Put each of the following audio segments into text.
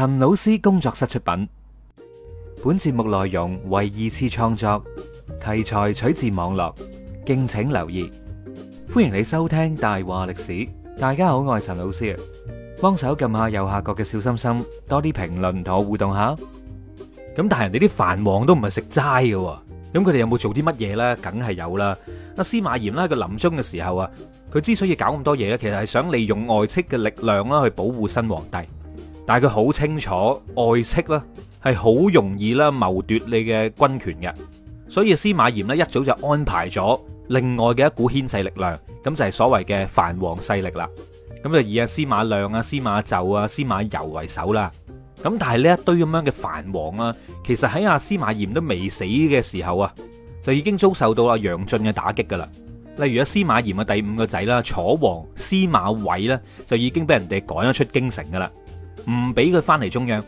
陳老師工作室出品，本節目內容為二次創作，題材取自網絡，敬請留意。歡迎你收聽《大話歷史》，大家好，我係陳老師。幫手撳下右下角嘅小心心，多啲評論同我互動下。咁但係人哋啲藩王都唔係食齋㗎，咁佢哋有冇做啲乜嘢呢？梗係有啦。阿司馬炎咧，佢臨終嘅時候啊，佢之所以搞咁多嘢咧，其實係想利用外戚嘅力量啦，去保護新皇帝。但係佢好清楚外戚啦，係好容易啦，謀奪你嘅軍權嘅，所以司馬炎咧一早就安排咗另外嘅一股牽制力量，咁就係所謂嘅藩王勢力啦。咁就以阿司馬亮啊、司馬伷啊、司馬攸為首啦。咁但係呢一堆咁樣嘅藩王啊，其實喺阿司馬炎都未死嘅時候啊，就已經遭受到阿楊駿嘅打擊噶啦。例如阿司馬炎嘅第五個仔啦，楚王司馬瑋呢，就已經俾人哋趕咗出京城噶啦。唔俾佢翻嚟中央，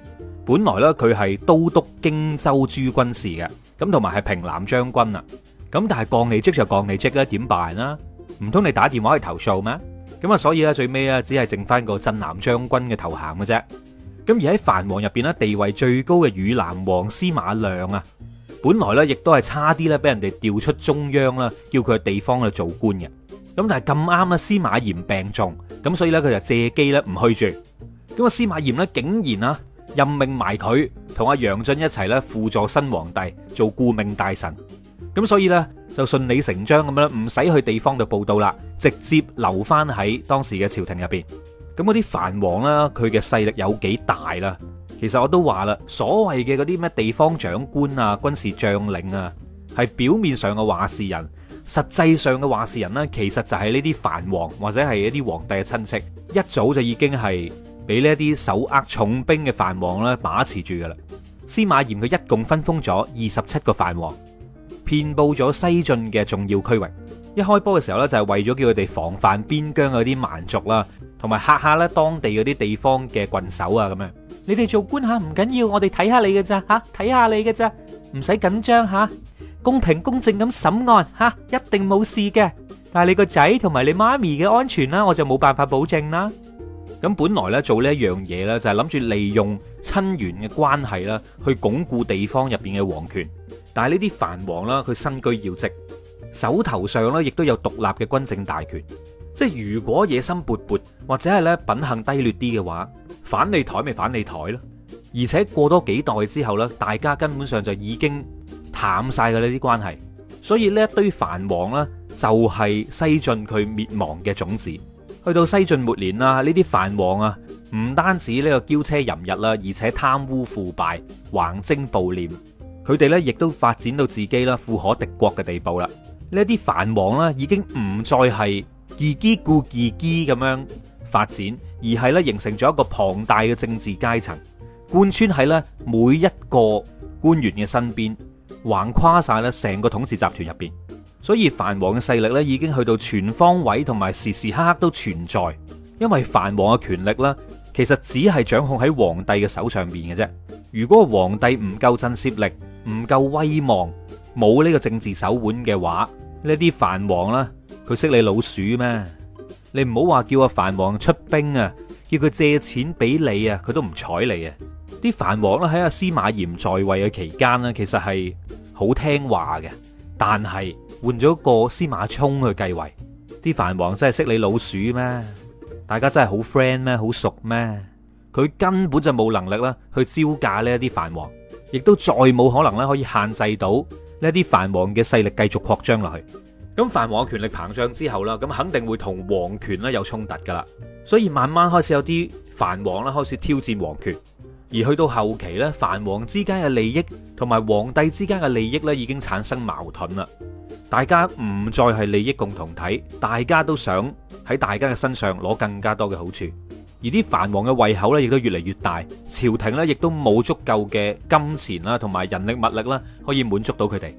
本來咧佢係都督荊州諸軍事嘅，咁同埋係平南將軍啊，咁但係降你職就降你職啦，點辦啦？唔通你打電話去投訴咩？咁啊，所以咧最尾咧只係剩翻個鎮南將軍嘅頭銜嘅啫。咁而喺藩王入邊咧，地位最高嘅汝南王司馬亮啊，本來咧亦都係差啲咧俾人哋調出中央啦，叫佢去地方去做官嘅。咁但係咁啱咧，司馬炎病重，咁所以咧佢就借機咧唔去住。咁啊，司馬炎咧竟然啊任命埋佢同阿楊駿一齊咧輔助新皇帝做顧命大臣。咁所以咧就順理成章咁樣，唔使去地方度報道啦，直接留翻喺當時嘅朝廷入邊。咁嗰啲藩王啦，佢嘅勢力有幾大啦？其實我都話啦，所謂嘅嗰啲咩地方長官啊、軍事將領啊，係表面上嘅話事人，實際上嘅話事人呢，其實就係呢啲藩王或者係一啲皇帝嘅親戚，一早就已經係。俾呢一啲手握重兵嘅藩王啦把持住噶啦。司馬炎佢一共分封咗二十七個藩王，遍布咗西晉嘅重要區域。一開波嘅時候咧，就係為咗叫佢哋防範邊疆嗰啲蠻族啦，同埋吓下咧當地嗰啲地方嘅郡守啊。咁樣，你哋做官吓唔緊要，我哋睇下你嘅咋吓，睇下你嘅咋，唔使緊張吓，公平公正咁審案吓，一定冇事嘅。但係你個仔同埋你媽咪嘅安全啦，我就冇辦法保證啦。咁本來咧做呢一樣嘢咧，就係諗住利用親緣嘅關係啦，去鞏固地方入邊嘅皇權。但係呢啲藩王啦，佢身居要職，手頭上咧亦都有獨立嘅軍政大權。即係如果野心勃勃或者係咧品行低劣啲嘅話，反你台咪反你台咯。而且過多幾代之後咧，大家根本上就已經淡晒噶呢啲關係。所以呢一堆藩王啦，就係西晉佢滅亡嘅種子。去到西晉末年啦，呢啲藩王啊，唔單止呢個驕奢淫逸啦，而且貪污腐敗、橫徵暴斂，佢哋呢亦都發展到自己啦富可敵國嘅地步啦。呢啲藩王呢，已經唔再係自己顧自己咁樣發展，而係呢，形成咗一個龐大嘅政治階層，貫穿喺呢，每一個官員嘅身邊，橫跨晒咧成個統治集團入邊。所以藩王嘅勢力咧，已經去到全方位同埋時時刻刻都存在，因為藩王嘅權力咧，其實只係掌控喺皇帝嘅手上邊嘅啫。如果皇帝唔夠震懾力，唔夠威望，冇呢個政治手腕嘅話，呢啲藩王啦，佢識你老鼠咩？你唔好話叫阿藩王出兵啊，叫佢借錢俾你啊，佢都唔睬你啊。啲藩王啦，喺阿司馬炎在位嘅期間呢，其實係好聽話嘅，但係，換咗個司馬衷去繼位，啲藩王真係識你老鼠咩？大家真係好 friend 咩？好熟咩？佢根本就冇能力啦，去招架呢一啲藩王，亦都再冇可能咧可以限制到呢一啲藩王嘅勢力繼續擴張落去。咁藩王嘅權力膨脹之後啦，咁肯定會同皇權咧有衝突噶啦。所以慢慢開始有啲藩王啦開始挑戰皇權，而去到後期咧，藩王之間嘅利益同埋皇帝之間嘅利益咧已經產生矛盾啦。大家唔再係利益共同體，大家都想喺大家嘅身上攞更加多嘅好處，而啲藩王嘅胃口咧，亦都越嚟越大，朝廷咧亦都冇足夠嘅金錢啦，同埋人力物力啦，可以滿足到佢哋。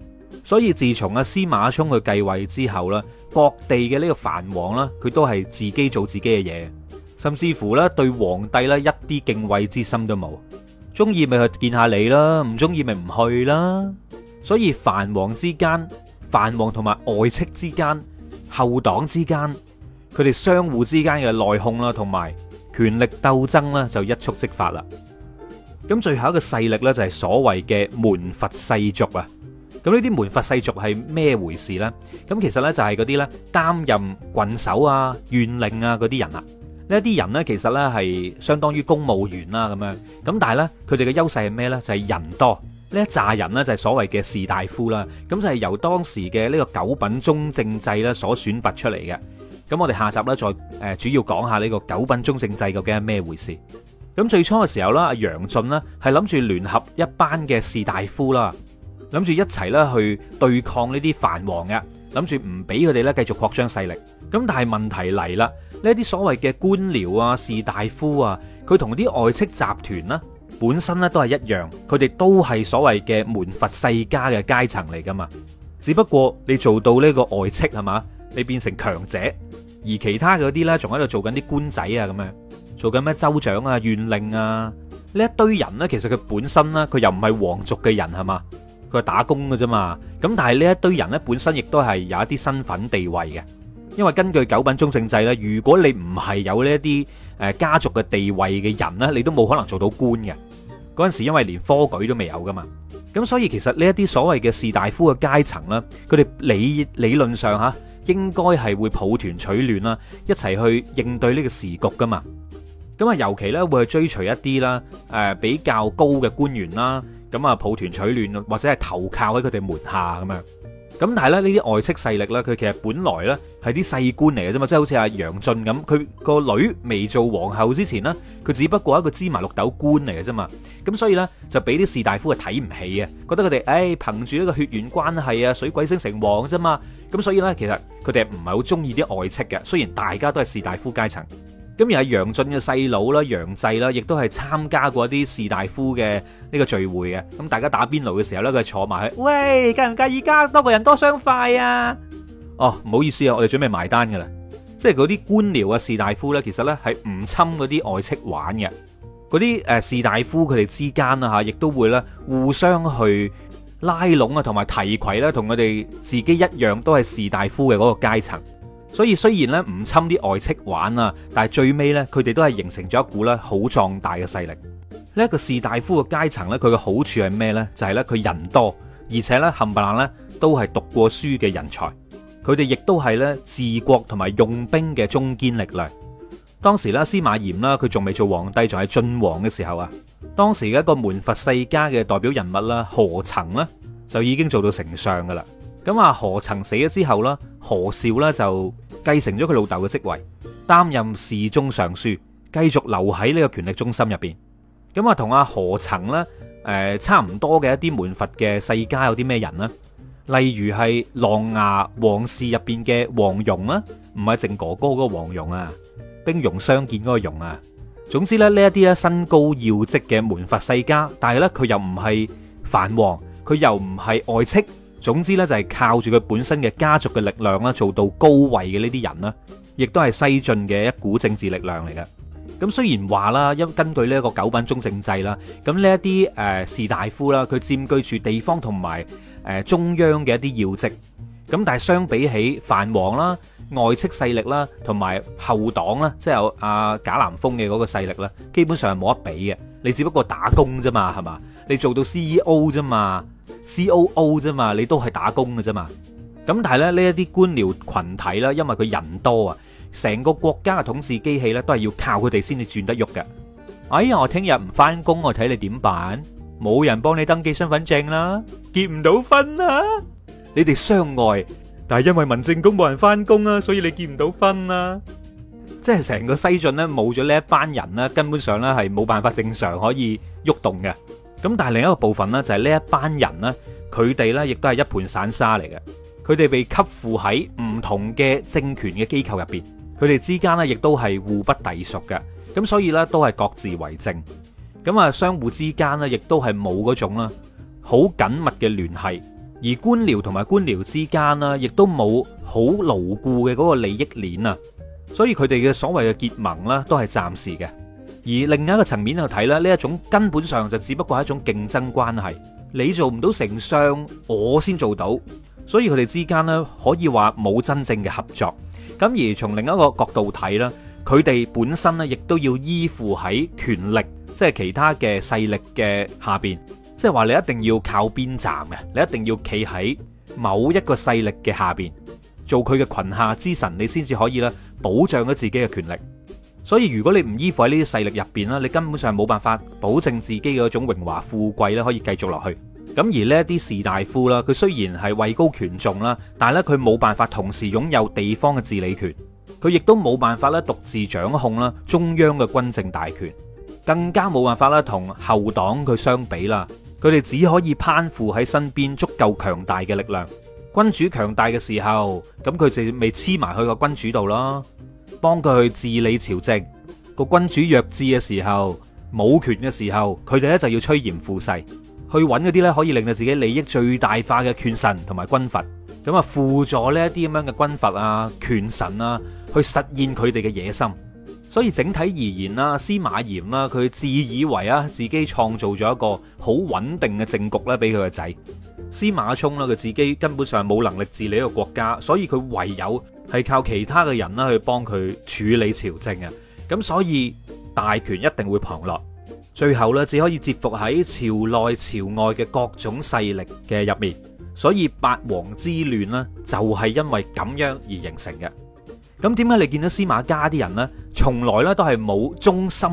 所以自從阿司馬衷去繼位之後啦，各地嘅呢個藩王啦，佢都係自己做自己嘅嘢，甚至乎咧對皇帝咧一啲敬畏之心都冇，中意咪去見下你啦，唔中意咪唔去啦。所以藩王之間。藩王同埋外戚之間、后黨之間，佢哋相互之間嘅內訌啦，同埋權力鬥爭呢，就一觸即發啦。咁最後一個勢力呢，就係所謂嘅門閥世族啊。咁呢啲門閥世族係咩回事呢？咁其實呢，就係嗰啲呢擔任郡守啊、縣令啊嗰啲人啊。呢啲人呢，其實呢，係相當於公務員啦咁樣。咁但係呢，佢哋嘅優勢係咩呢？就係人多。呢一扎人呢，就係所謂嘅士大夫啦，咁就係、是、由當時嘅呢個九品中正制咧，所選拔出嚟嘅。咁我哋下集咧再誒主要講下呢個九品中正制究竟係咩回事。咁最初嘅時候啦，阿楊俊呢係諗住聯合一班嘅士大夫啦，諗住一齊咧去對抗呢啲藩王嘅，諗住唔俾佢哋咧繼續擴張勢力。咁但係問題嚟啦，呢啲所謂嘅官僚啊、士大夫啊，佢同啲外戚集團啦。本身咧都係一樣，佢哋都係所謂嘅門閥世家嘅階層嚟噶嘛？只不過你做到呢個外戚係嘛，你變成強者；而其他嗰啲呢，仲喺度做緊啲官仔啊咁樣，做緊咩州長啊、縣令啊？呢一堆人呢，其實佢本身呢，佢又唔係皇族嘅人係嘛？佢係打工嘅啫嘛。咁但係呢一堆人呢，本身亦都係有一啲身份地位嘅，因為根據九品中正制呢，如果你唔係有呢一啲誒家族嘅地位嘅人呢，你都冇可能做到官嘅。嗰陣時，因為連科舉都未有噶嘛，咁所以其實呢一啲所謂嘅士大夫嘅階層啦，佢哋理理論上嚇、啊、應該係會抱團取暖啦，一齊去應對呢個時局噶嘛，咁啊尤其呢會去追隨一啲啦，誒、呃、比較高嘅官員啦，咁啊抱團取暖，或者係投靠喺佢哋門下咁樣。咁但係咧，呢啲外戚勢力咧，佢其實本來咧係啲細官嚟嘅啫嘛，即係好似阿楊駿咁，佢個女未做皇后之前呢，佢只不過係一個芝麻綠豆官嚟嘅啫嘛，咁所以呢，就俾啲士大夫啊睇唔起啊，覺得佢哋唉憑住呢個血緣關係啊，水鬼升城隍啫嘛，咁所以呢，其實佢哋唔係好中意啲外戚嘅，雖然大家都係士大夫階層。咁而係楊俊嘅細佬啦，楊濟啦，亦都係參加過一啲士大夫嘅呢個聚會嘅。咁大家打邊爐嘅時候咧，佢坐埋去，喂，介唔介意加多個人多雙筷啊？哦，唔好意思啊，我哋準備埋單噶啦。即係嗰啲官僚啊、呃，士大夫咧，其實咧係唔侵嗰啲外戚玩嘅。嗰啲誒士大夫佢哋之間啦吓，亦都會咧互相去拉攏啊，同埋提攜啦，同佢哋自己一樣都係士大夫嘅嗰個階層。所以雖然咧唔侵啲外戚玩啊，但係最尾咧佢哋都係形成咗一股咧好壯大嘅勢力。呢、這、一個士大夫嘅階層咧，佢嘅好處係咩咧？就係咧佢人多，而且咧冚唪唥咧都係讀過書嘅人才。佢哋亦都係咧治國同埋用兵嘅中堅力量。當時咧司馬炎啦，佢仲未做皇帝，仲係晉王嘅時候啊。當時嘅一個門閥世家嘅代表人物啦，何曾呢，就已經做到丞相噶啦。咁啊，何曾死咗之後啦，何劭咧就繼承咗佢老豆嘅職位，擔任侍中尚書，繼續留喺呢個權力中心入邊。咁啊，同阿何曾咧，誒差唔多嘅一啲門閥嘅世家有啲咩人呢？例如係琅琊王氏入邊嘅王戎啦，唔係靖哥哥嗰個黃蓉啊，兵戎相見嗰個戎啊。總之咧，呢一啲咧身高要職嘅門閥世家，但係咧佢又唔係藩王，佢又唔係外戚。總之呢，就係靠住佢本身嘅家族嘅力量啦，做到高位嘅呢啲人啦，亦都係西晉嘅一股政治力量嚟嘅。咁雖然話啦，因根據呢一個九品中正制啦，咁呢啲誒士大夫啦，佢佔據住地方同埋、呃、中央嘅一啲要職，咁但係相比起藩王啦、外戚勢力啦、同埋後黨啦，即係有阿賈南風嘅嗰個勢力啦，基本上係冇得比嘅。你只不過打工咋嘛，係咪？你做到 C.O.O. 啫嘛，你都係打工嘅啫嘛。咁但係咧，呢一啲官僚群體啦，因為佢人多啊，成個國家嘅統治機器咧，都係要靠佢哋先至轉得喐嘅。哎呀，我聽日唔翻工，我睇你點辦？冇人幫你登記身份證啦，結唔到婚啊。你哋相愛，但係因為民政局冇人翻工啊，所以你結唔到婚啊。即係成個西晉咧，冇咗呢一班人咧，根本上咧係冇辦法正常可以喐動嘅。咁但係另一個部分呢，就係呢一班人呢，佢哋呢亦都係一盤散沙嚟嘅。佢哋被吸附喺唔同嘅政權嘅機構入邊，佢哋之間呢亦都係互不隸屬嘅。咁所以呢，都係各自為政。咁啊，相互之間呢亦都係冇嗰種啦，好緊密嘅聯繫。而官僚同埋官僚之間呢，亦都冇好牢固嘅嗰個利益鏈啊。所以佢哋嘅所謂嘅結盟呢，都係暫時嘅。而另一個層面去睇咧，呢一種根本上就只不過係一種競爭關係。你做唔到丞相，我先做到，所以佢哋之間呢，可以話冇真正嘅合作。咁而從另一個角度睇咧，佢哋本身呢，亦都要依附喺權力，即係其他嘅勢力嘅下邊，即係話你一定要靠邊站嘅，你一定要企喺某一個勢力嘅下邊做佢嘅群下之神，你先至可以咧保障咗自己嘅權力。所以如果你唔依附喺呢啲勢力入邊啦，你根本上冇辦法保證自己嘅嗰種榮華富貴咧，可以繼續落去。咁而呢啲士大夫啦，佢雖然係位高權重啦，但係咧佢冇辦法同時擁有地方嘅治理權，佢亦都冇辦法咧獨自掌控啦中央嘅軍政大權，更加冇辦法咧同後黨佢相比啦。佢哋只可以攀附喺身邊足夠強大嘅力量。君主強大嘅時候，咁佢哋未黐埋去個君主度囉。幫佢去治理朝政。個君主弱智嘅時候，冇權嘅時候，佢哋咧就要趨炎附勢，去揾嗰啲咧可以令到自己利益最大化嘅權臣同埋軍閥，咁啊輔助呢一啲咁樣嘅軍閥啊、權臣啊，去實現佢哋嘅野心。所以整體而言啦，司馬炎啦，佢自以為啊自己創造咗一個好穩定嘅政局咧，俾佢個仔。司馬衷啦，佢自己根本上係冇能力治理一個國家，所以佢唯有係靠其他嘅人啦去幫佢處理朝政啊。咁所以大權一定會旁落，最後咧只可以接伏喺朝內朝外嘅各種勢力嘅入面。所以八王之亂咧就係因為咁樣而形成嘅。咁點解你見到司馬家啲人咧，從來咧都係冇忠心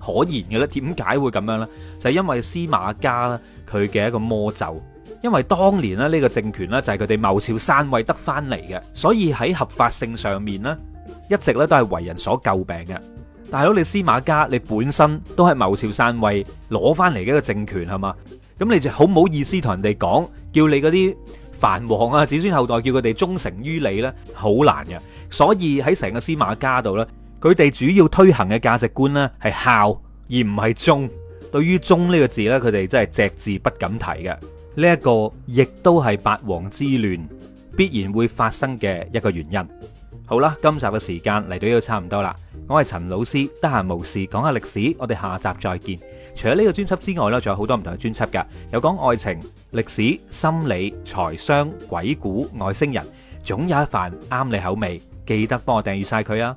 可言嘅咧？點解會咁樣咧？就係因為司馬家啦，佢嘅一個魔咒。因為當年咧，呢個政權呢，就係佢哋謀朝篡位得翻嚟嘅，所以喺合法性上面呢，一直咧都係為人所詬病嘅。大佬，你司馬家你本身都係謀朝篡位攞翻嚟嘅一個政權，係嘛？咁你就好唔好意思同人哋講，叫你嗰啲藩王啊子孫後代叫佢哋忠誠於你呢，好難嘅。所以喺成個司馬家度呢，佢哋主要推行嘅價值觀呢，係孝而唔係忠。對於忠呢個字呢，佢哋真係隻字不敢提嘅。呢一個亦都係八王之亂必然會發生嘅一個原因。好啦，今集嘅時間嚟到呢度差唔多啦。我係陳老師，得閒無事講下歷史，我哋下集再見。除咗呢個專輯之外咧，仲有好多唔同嘅專輯噶，有講愛情、歷史、心理、財商、鬼故、外星人，總有一番啱你口味。記得幫我訂閱晒佢啊！